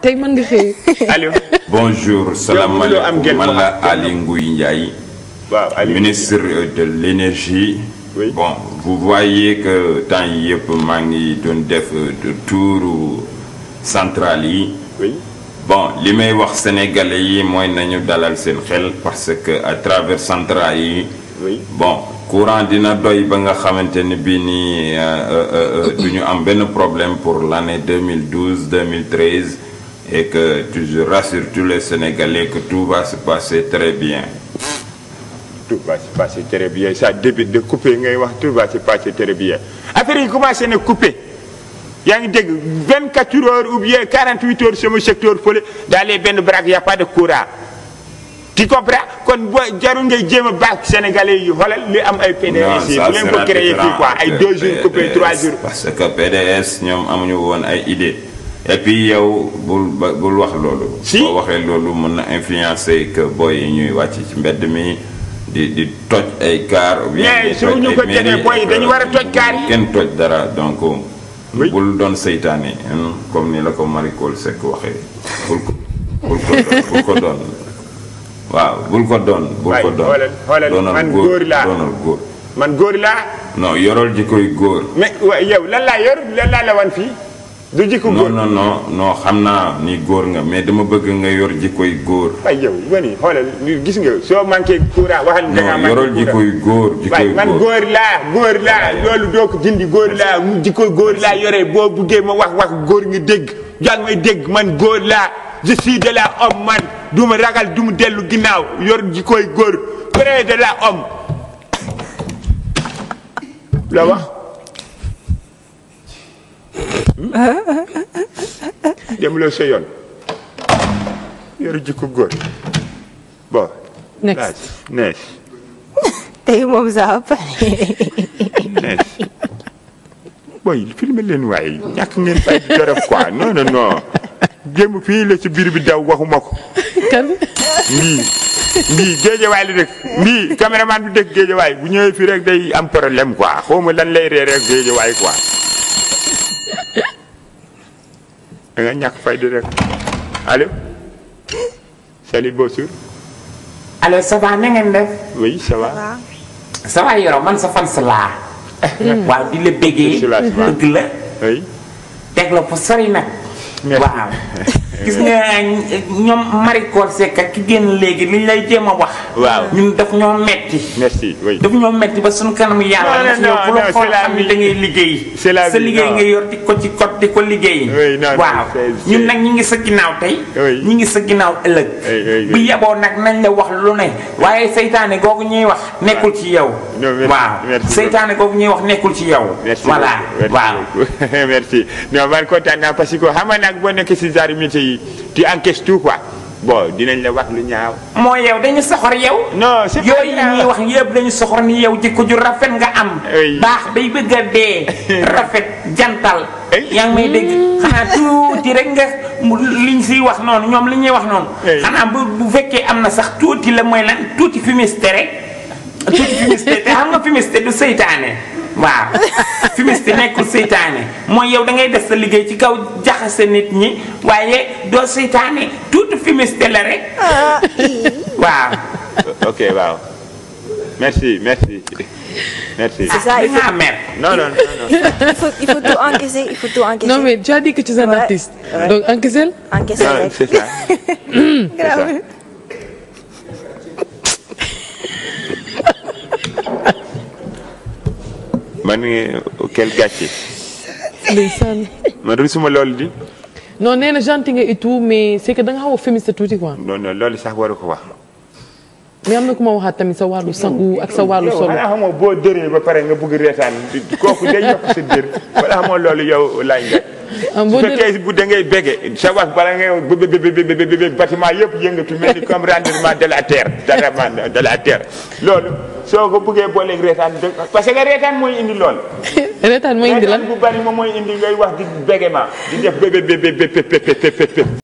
tey man nga xëy. allo. bonjour salaamaaleykum man la Aly Ngouille Ndiaye. waaw Aly ministre euh, de l'énergie. Oui. bon vous voyez que temps yii yëpp maa ngi doon def euh, de tour central yi. bon li may wax sénégale yi mooy nañu dalal seen xel parce que à travers central yi. bon courant dina doy ba nga xamante ni bii nii euh, du ñu am benn problème pour l'année 2012 2013. et que tu, je rassure tous les Sénégalais que tout va se passer très bien. tout va se passer très bien ça débute de couper ngay wax tout va se passer très bien affaire yi commencé na couper yaa ngi dégg 24 heures ou bien 48 heures sama secteur fële dans les benn baraag y' a pas de courant. tu comprends kon boo jarul ngay jéem a baax sénégalais yi xoolal li am ay. PDS yi bu leen ko créer fii quoi ay 2 jours coupé 3 parce que PDS ñoom amuñu woon ay idée et puis yow bul bul wax loolu. si boo waxee loolu mën na influencer que boy yi ñuy wàcc ci mbedd mi di toj ay car. ou bien di toj ay mairie boy dañu war a toj car yi kenn toj dara donc. bul doon seytaane comme ni la ko Maricol Seck waxee bul ko bul ko bul ko doon waaw bul ko doon. bul ko doon doonal góor doonal góor. man góor laa. non yorol ji koy góor. mais yow lan yor lan la wan fii. du jikko góor non non non xam naa ni góor nga mais dama bëgg nga yor jikkoy góor. waaye yow wani gis nga soo manqué courant waxal da ngaa manqué yorol jikkoy góor jikkoy góor man góor laa góor laa loolu doo ko dindi góor laa jikkoy góor laa yore boo buggee ma wax wax góor nga dégg yaa may dégg man góor laa la homme man du ma mu dellu ginnaaw yor jikkoy góor près de la la wax. dem la sa yoon yoru jikko góor next next. tey moom saa ba pare. next. booy filmé leen waaye ñàkk ngeen fay di dara quoi non non non fii la ci biir bi daw waxuma ko. kan. lii lii géejewaay la dëkk lii caméraman bi dëkk waay bu ñëwee fii rek day am problème quoi xaw lan lay ree rek géejewaay quoi. da nga ñàkk fay di rek allo na man sa fans laa. waaw di la béggee. bëgg la. oui. teg la fu sori nag. waaw. gis nga ñoom Maricor Seck ak ki génn léegi li ñu lay jéem a wax. waaw ñun daf ñoo metti merci oui daf ñoo metti ba suñ kanam yàlla. non non non c' est la vie da ngay liggéey. c' la sa liggéey nga yor di ko ci kot di ko liggéey. waaw ñun nag ñu ngi sa ginnaaw tey. ñi ngi sa ginnaaw ëllëg. bu yeboo nag nañ la wax lu ne waaye seytaane googu ñuy wax nekkul ci yow. waaw seytaane googu ñuy wax nekkul ci yow. voilà waaw. tu tu encaisses tout quoi bon dinañ la wax lu ñaaw. moo yow dañu soxor yow. non c'est pas yooyu ñuy wax yëpp dañu soxor ni yow jikko ju rafet nga am. baax bay bëgg a dee. rafet jantal. yaa ngi may dégg xanaa tuuti rek nga liñ siy wax noonu ñoom li ñuy wax noonu. xanaa bu bu fekkee am na sax tuuti la mooy lan tuuti fumiste tuuti fumiste te xam nga fumiste du seytaane. waaw fumiste nekkul seytaane mooy yow da ngay def sa liggéey ci kaw jaxase nit ñi waaye doo seytaane tuuti fumiste la rek waaw. ok waaw merci merci. Merci. Ah, c'est ça, il faut... Non, non, non, il, faut, il faut tout encaisser, il faut tout encaisser. Non, mais tu as dit que tu es un ouais, artiste. Ouais. Donc encaisse-le. Encaisse-le. C'est ça. C'est ça. ma ni quel gàcce. ndeysaan. man rusuma loolu di. non nee na gentil nga et tout mais c'est que da nga xaw a féministe tuuti quoi. non non loolu sax waru ko wax. mais am na ku ma waxaat tamit sa wàllu sangu ak sa wàllu solo. yow xamoo boo dëree ba pare nga bëgg kooku day yokk sa dër wala xamoo loolu yow laaj nga. su fekkee bu da ngay bége sa wax bala ngay bbb bâtiment yëpp yëngatu mel ni comme rendement de la terre rendement de la terre loolu soo ko bëggee booleeg reetaan parce que reetaan mooy indi lool reetaan mooy indi lan bu bari moom mooy indi ngay wax di bége ma di def bbb